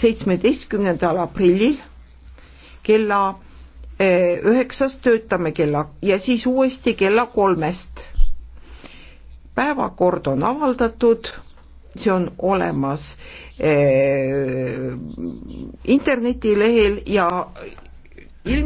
seitsmeteistkümnendal aprillil kella eh, üheksast töötame kella ja siis uuesti kella kolmest. päevakord on avaldatud, see on olemas eh, internetilehel ja ilmu-.